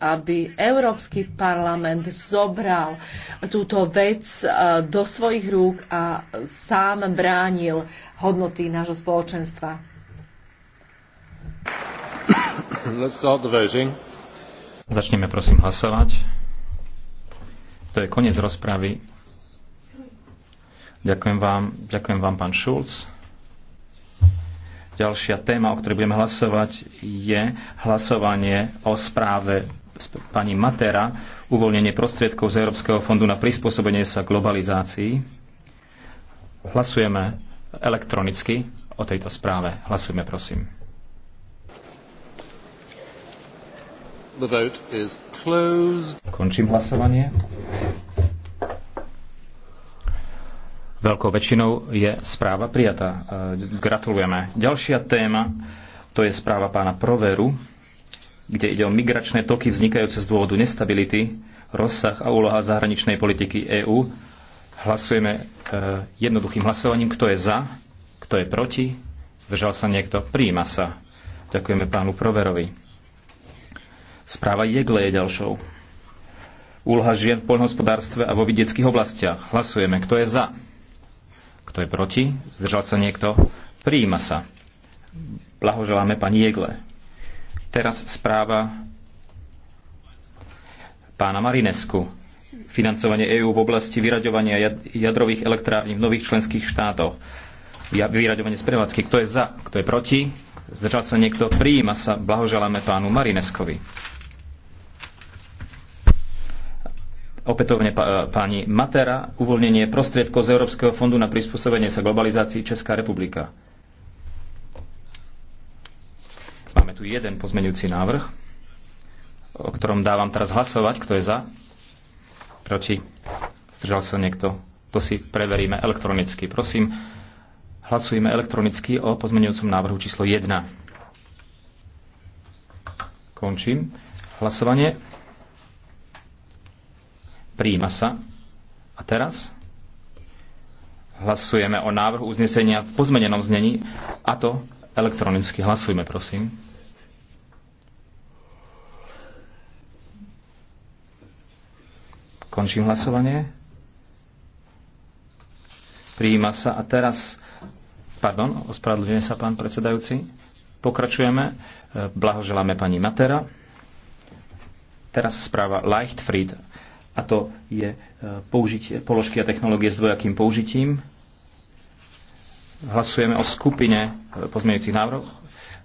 aby Európsky parlament zobral túto vec e, do svojich rúk a sám bránil hodnoty nášho spoločenstva. Let's start the voting. Začneme prosím hlasovať. To je koniec rozpravy. Ďakujem vám, ďakujem vám pán Šulc. Ďalšia téma, o ktorej budeme hlasovať, je hlasovanie o správe pani Matera uvoľnenie prostriedkov z Európskeho fondu na prispôsobenie sa globalizácii. Hlasujeme elektronicky o tejto správe. Hlasujme, prosím. The vote is closed. Končím hlasovanie. Veľkou väčšinou je správa prijatá. E, gratulujeme. Ďalšia téma to je správa pána Proveru kde ide o migračné toky vznikajúce z dôvodu nestability, rozsah a úloha zahraničnej politiky EÚ. Hlasujeme e, jednoduchým hlasovaním, kto je za, kto je proti, zdržal sa niekto, príjima sa. Ďakujeme pánu Proverovi. Správa Jegle je ďalšou. Úloha žien v poľnohospodárstve a vo vidieckých oblastiach. Hlasujeme, kto je za. Kto je proti? Zdržal sa niekto? Prijíma sa. Blahoželáme pani Jegle. Teraz správa pána Marinesku. Financovanie EÚ v oblasti vyraďovania jadrových elektrární v nových členských štátoch. Vyraďovanie z prevádzky. Kto je za, kto je proti? Zdržal sa niekto? Prijíma sa. Blahoželáme pánu Marineskovi. Opätovne páni Matera, uvoľnenie prostriedkov z Európskeho fondu na prispôsobenie sa globalizácii Česká republika. tu jeden pozmeňujúci návrh, o ktorom dávam teraz hlasovať. Kto je za? Proti? Zdržal sa niekto? To si preveríme elektronicky. Prosím, hlasujeme elektronicky o pozmeňujúcom návrhu číslo 1. Končím hlasovanie. Príjima sa. A teraz hlasujeme o návrhu uznesenia v pozmenenom znení, a to elektronicky. Hlasujme, prosím. Končím hlasovanie. Prijíma sa a teraz, pardon, ospravedlňuje sa pán predsedajúci. Pokračujeme. E, blahoželáme pani Matera. Teraz správa Leichtfried a to je e, použitie položky a technológie s dvojakým použitím. Hlasujeme o skupine e, pozmeňujúcich návrhov.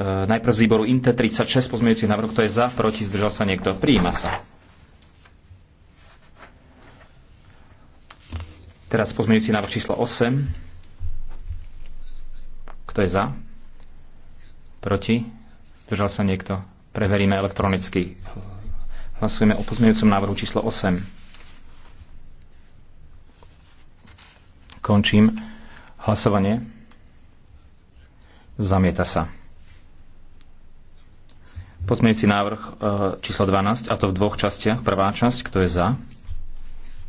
Najprv z výboru INTE 36 pozmeňujúcich návrhov, kto je za, proti, zdržal sa niekto. Prijíma sa. Teraz pozmeňujúci návrh číslo 8. Kto je za? Proti? Zdržal sa niekto? Preveríme elektronicky. Hlasujeme o pozmeňujúcom návrhu číslo 8. Končím hlasovanie. Zamieta sa. Pozmeňujúci návrh e, číslo 12, a to v dvoch častiach. Prvá časť, kto je za?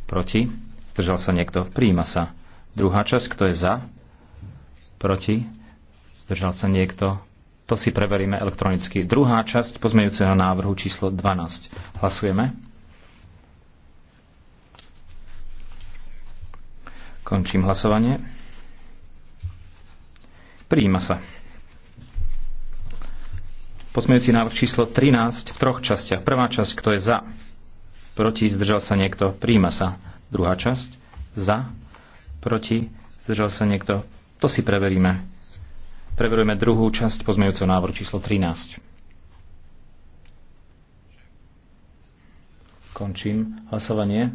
Proti? Zdržal sa niekto? Príjima sa. Druhá časť, kto je za? Proti? Zdržal sa niekto? To si preveríme elektronicky. Druhá časť pozmeňujúceho návrhu číslo 12. Hlasujeme. Končím hlasovanie. Príjima sa. Pozmeňujúci návrh číslo 13 v troch častiach. Prvá časť, kto je za? Proti? Zdržal sa niekto? Príjima sa. Druhá časť. Za. Proti. Zdržal sa niekto. To si preveríme. Preverujeme druhú časť pozmejúceho návrhu číslo 13. Končím hlasovanie.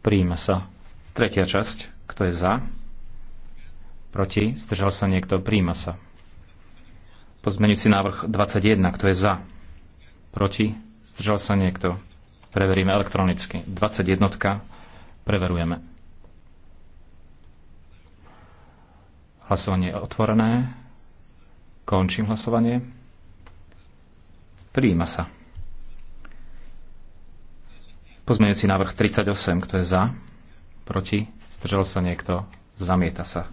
Príjima sa. Tretia časť. Kto je za? Proti? Zdržal sa niekto? Príjima sa. Pozmeňujúci návrh 21. Kto je za? Proti? Zdržal sa niekto? Preveríme elektronicky. 21. Preverujeme. Hlasovanie je otvorené. Končím hlasovanie. Prijíma sa. Pozmeňujúci návrh 38. Kto je za? Proti? Zdržal sa niekto? Zamieta sa.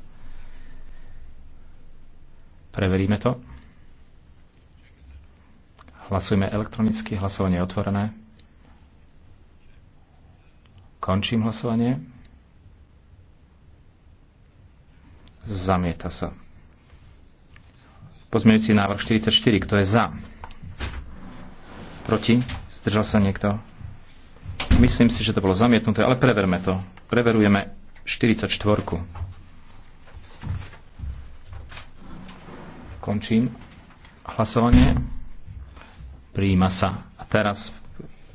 Preveríme to. Hlasujeme elektronicky. Hlasovanie je otvorené. Končím hlasovanie. Zamieta sa. Pozmeňujúci návrh 44. Kto je za? Proti? Zdržal sa niekto? Myslím si, že to bolo zamietnuté, ale preverme to. Preverujeme 44. Končím hlasovanie. Prijíma sa. A teraz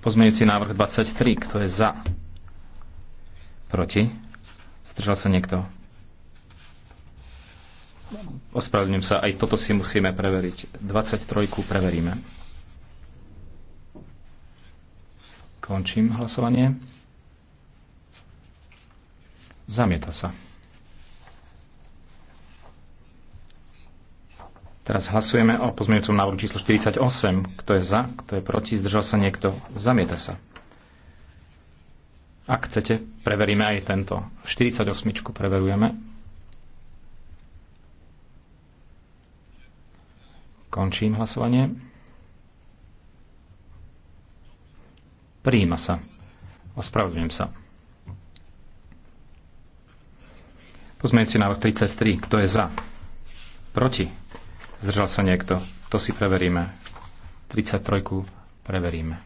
pozmeňujúci návrh 23. Kto je za? Proti? Zdržal sa niekto? Ospravedlňujem sa, aj toto si musíme preveriť. 23 preveríme. Končím hlasovanie. Zamieta sa. Teraz hlasujeme o pozmeňujúcom návrhu číslo 48. Kto je za, kto je proti, zdržal sa niekto, zamieta sa. Ak chcete, preveríme aj tento. 48 preverujeme. Končím hlasovanie. Prijíma sa. Ospravedlňujem sa. Pozmeňujúci návrh 33. Kto je za? Proti? Zdržal sa niekto? To si preveríme. 33. preveríme.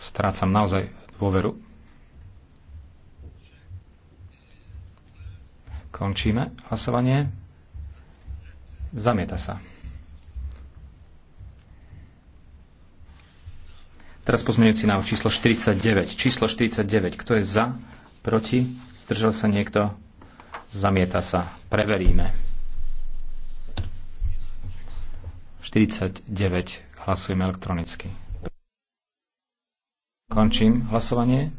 Strácam naozaj dôveru. Končíme hlasovanie. Zamieta sa. Teraz pozmeňujúci návrh číslo 49. Číslo 49. Kto je za? Proti? Zdržal sa niekto? Zamieta sa. Preveríme. 49. Hlasujeme elektronicky. Končím hlasovanie.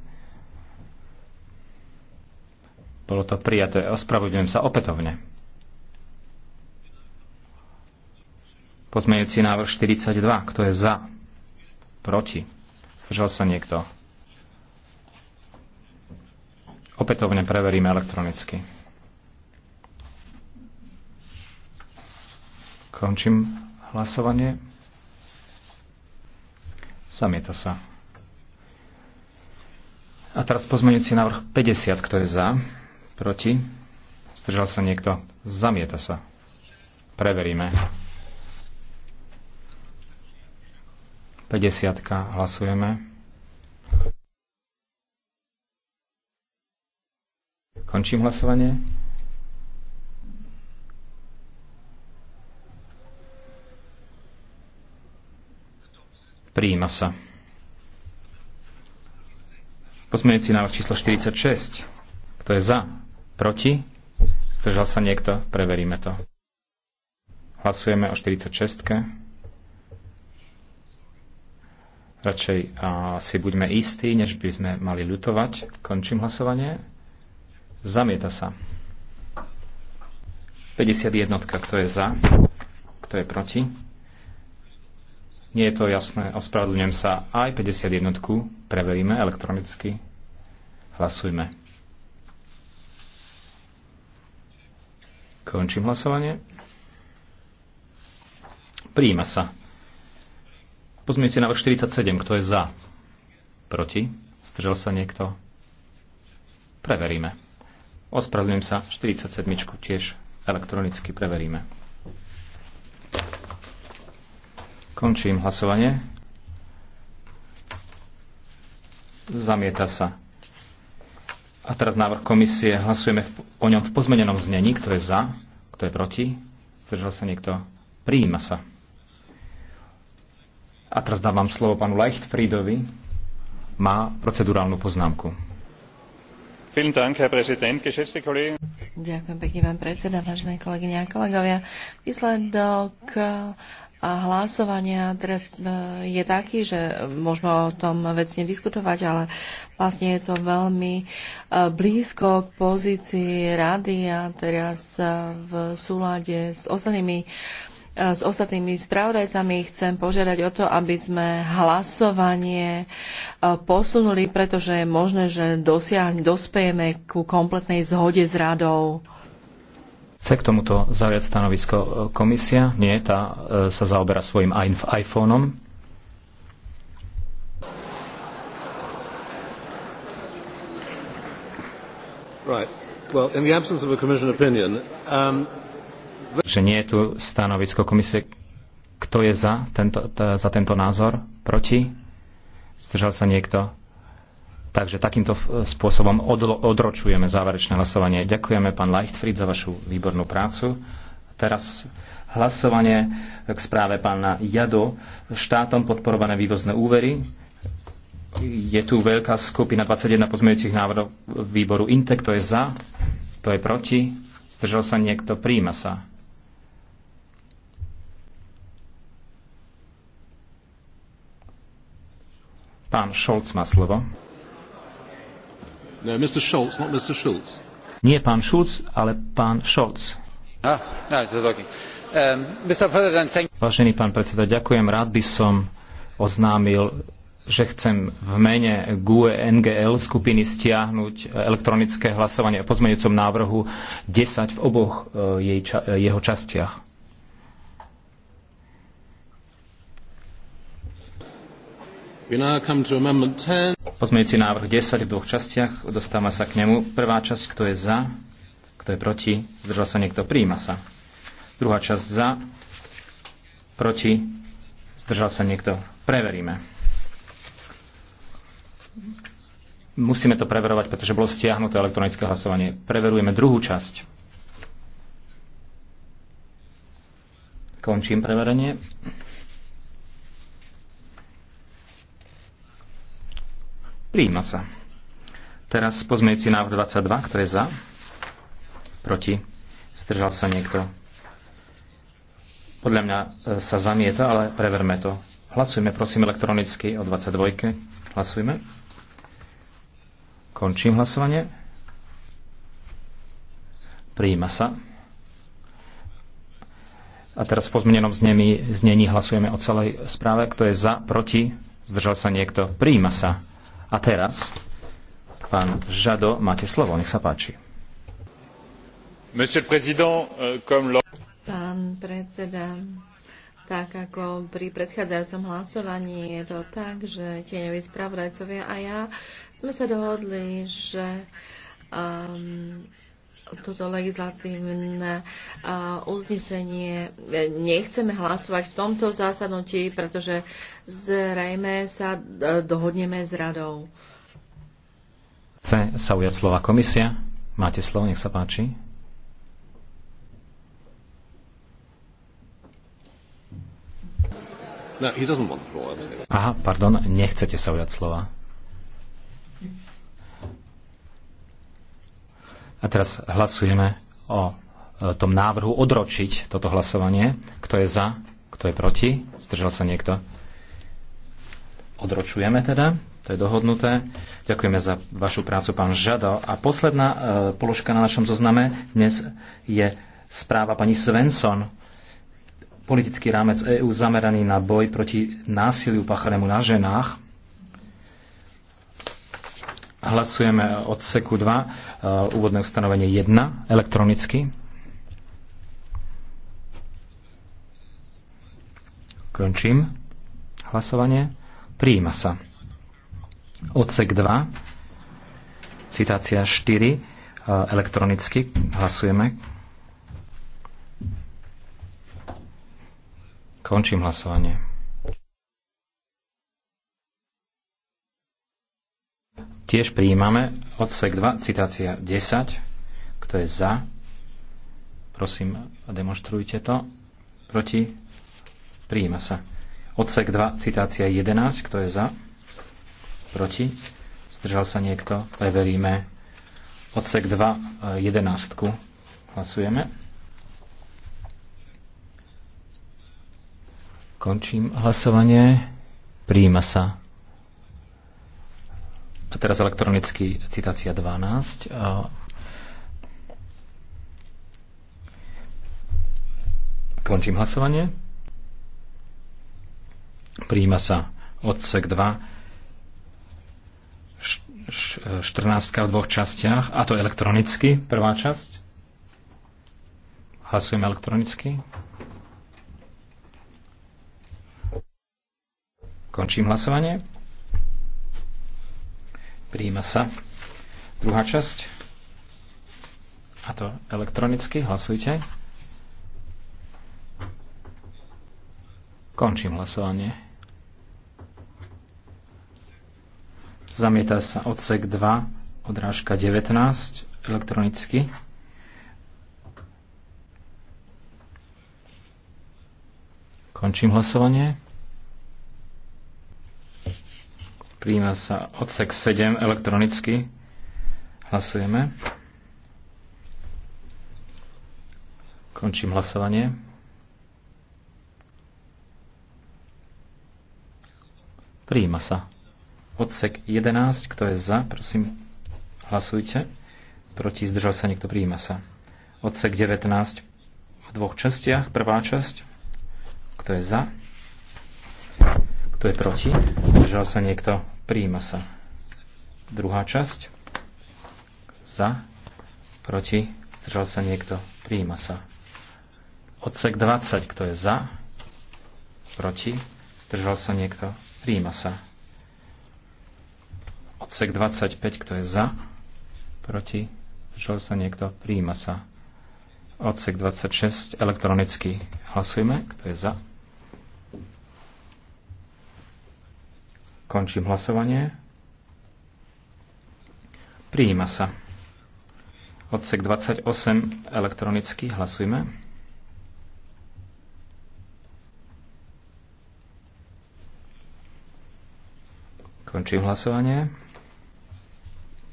Bolo to prijaté. Ospravedlňujem sa opätovne. Pozmejúci návrh 42. Kto je za? Proti? Zdržal sa niekto? Opätovne preveríme elektronicky. Končím hlasovanie. Zamieta sa. A teraz pozmeňujúci návrh 50, kto je za, proti, zdržal sa niekto, zamieta sa. Preveríme. 50. Hlasujeme. Končím hlasovanie. Prijíma sa. Pozmeňujúci návrh číslo 46. Kto je za? Proti? Zdržal sa niekto? Preveríme to. Hlasujeme o 46. Radšej a, si buďme istí, než by sme mali ľutovať. Končím hlasovanie. Zamieta sa. 51. Kto je za? Kto je proti? Nie je to jasné, ospravedlňujem sa. Aj 51 preveríme elektronicky. Hlasujme. Končím hlasovanie. Príjima sa. Pozmiete návrh 47. Kto je za? Proti? Zdržal sa niekto? Preveríme. Ospravedlňujem sa. 47. tiež elektronicky preveríme. Končím hlasovanie. Zamieta sa. A teraz návrh komisie. Hlasujeme o ňom v pozmenenom znení. Kto je za? Kto je proti? Zdržal sa niekto? Prijíma sa. A teraz dávam slovo panu Leichtfriedovi. Má procedurálnu poznámku. Ďakujem pekne, pán predseda, vážené kolegyne a kolegovia. Výsledok a hlasovania teraz e, je taký, že môžeme o tom vecne diskutovať, ale vlastne je to veľmi e, blízko k pozícii rady a teraz e, v súlade s ostatnými s ostatnými spravodajcami chcem požiadať o to, aby sme hlasovanie posunuli, pretože je možné, že dosiahne, dospejeme ku kompletnej zhode s radou. Chce k tomuto zaujať stanovisko e, komisia? Nie, tá e, sa zaoberá svojim iPhoneom. Right. Well, in the absence of a commission opinion, um... že nie je tu stanovisko komisie. Kto je za tento, za tento názor? Proti? Zdržal sa niekto? Takže takýmto e, spôsobom odročujeme záverečné hlasovanie. Ďakujeme, pán Leichtfried, za vašu výbornú prácu. Teraz hlasovanie k správe pána Jado. Štátom podporované vývozné úvery. Je tu veľká skupina 21 pozmeňujúcich návrhov výboru INTE, Kto je za, kto je proti. Zdržal sa niekto, príjma sa. Pán Šolc má slovo. No, Mr. Schultz, not Mr. Schultz. Nie pán Schulz, ale pán Scholz. Ah, ah, um, Vážený pán predseda, ďakujem. Rád by som oznámil, že chcem v mene GUE NGL skupiny stiahnuť eh, elektronické hlasovanie o pozmeňujúcom návrhu 10 v oboch eh, jej, eh, jeho častiach. We now come to amendment 10. Pozmeňujúci návrh 10 v dvoch častiach. Dostáva sa k nemu. Prvá časť, kto je za, kto je proti, zdržal sa niekto, prijíma sa. Druhá časť za, proti, zdržal sa niekto. Preveríme. Musíme to preverovať, pretože bolo stiahnuté elektronické hlasovanie. Preverujeme druhú časť. Končím preverenie. Prijíma sa. Teraz pozmejúci návrh 22, kto je za? Proti? Zdržal sa niekto? Podľa mňa e, sa zamieta, ale preverme to. Hlasujme, prosím, elektronicky o 22. Hlasujme. Končím hlasovanie. Prijíma sa. A teraz v pozmenenom znení, znení hlasujeme o celej správe. Kto je za, proti, zdržal sa niekto, prijíma sa. A teraz, pán Žado, máte slovo, nech sa páči. Euh, pán predseda, tak ako pri predchádzajúcom hlasovaní je to tak, že tieňoví spravodajcovia a ja sme sa dohodli, že um, toto legislatívne uznesenie nechceme hlasovať v tomto zásadnutí, pretože zrejme sa e, dohodneme s radou. Chce sa ujať slova komisia? Máte slovo, nech sa páči. No, Aha, pardon, nechcete sa ujať slova. teraz hlasujeme o e, tom návrhu odročiť toto hlasovanie. Kto je za, kto je proti? Zdržal sa niekto? Odročujeme teda, to je dohodnuté. Ďakujeme za vašu prácu, pán Žado. A posledná e, položka na našom zozname dnes je správa pani Svensson. Politický rámec EÚ zameraný na boj proti násiliu páchanému na ženách. Hlasujeme od seku 2, eh, úvodné ustanovenie 1, elektronicky. Končím hlasovanie. Prijíma sa. Odsek 2, citácia 4, eh, elektronicky hlasujeme. Končím hlasovanie. Tiež prijímame odsek 2, citácia 10. Kto je za? Prosím, demonstrujte to. Proti? Prijíma sa. Odsek 2, citácia 11. Kto je za? Proti? Zdržal sa niekto? Preveríme. Odsek 2, 11. Eh, Hlasujeme. Končím hlasovanie. Prijíma sa. A teraz elektronicky citácia 12. Končím hlasovanie. Príjima sa odsek 2, 14 v dvoch častiach, a to elektronicky, prvá časť. Hlasujeme elektronicky. Končím hlasovanie. Príjima sa. Druhá časť. A to elektronicky. Hlasujte. Končím hlasovanie. Zamieta sa odsek 2, odrážka 19, elektronicky. Končím hlasovanie. Príjma sa odsek 7 elektronicky. Hlasujeme. Končím hlasovanie. Príjima sa. Odsek 11, kto je za, prosím, hlasujte. Proti, zdržal sa niekto, príjima sa. Odsek 19 v dvoch častiach. Prvá časť, kto je za, kto je proti? Zdržal sa niekto? Prijíma sa. Druhá časť. Za. Proti. Zdržal sa niekto? Prijíma sa. Odsek 20. Kto je za? Proti. Zdržal sa niekto? Prijíma sa. Odsek 25. Kto je za? Proti. Zdržal sa niekto? Prijíma sa. Odsek 26. Elektronicky. Hlasujeme. Kto je za? Končím hlasovanie. Prijíma sa. Odsek 28 elektronicky. Hlasujme. Končím hlasovanie.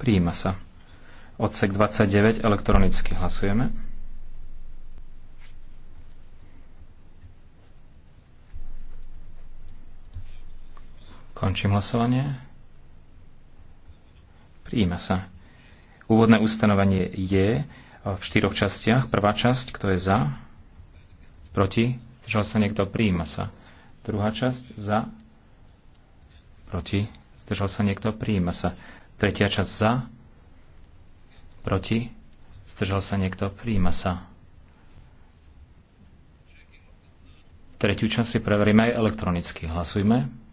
Prijíma sa. Odsek 29 elektronicky. Hlasujeme. Končím hlasovanie. Prijíma sa. Úvodné ustanovenie je v štyroch častiach. Prvá časť, kto je za, proti, zdržal sa niekto, prijíma sa. Druhá časť, za, proti, zdržal sa niekto, prijíma sa. Tretia časť, za, proti, zdržal sa niekto, prijíma sa. Tretiu časť si preveríme aj elektronicky. Hlasujme.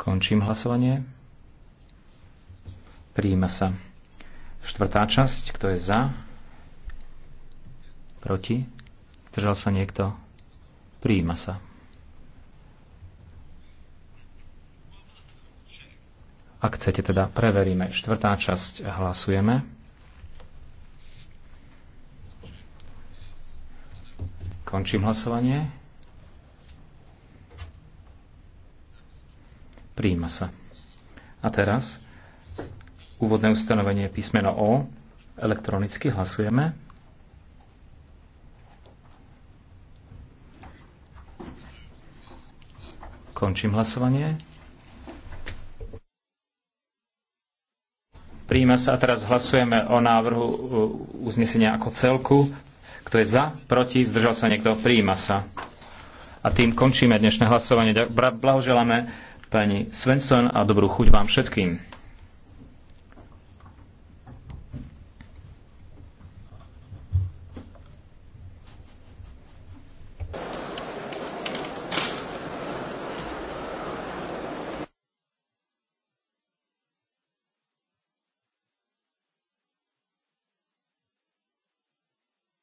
Končím hlasovanie. Príjima sa. Štvrtá časť, kto je za? Proti? Zdržal sa niekto? Príjima sa. Ak chcete teda, preveríme. Štvrtá časť hlasujeme. Končím hlasovanie. Príjima sa. A teraz úvodné ustanovenie písmeno O. Elektronicky hlasujeme. Končím hlasovanie. Príjima sa a teraz hlasujeme o návrhu uh, uznesenia ako celku. Kto je za, proti, zdržal sa niekto, príjima sa. A tým končíme dnešné hlasovanie. Blahoželáme pani Svensson a dobrú chuť vám všetkým.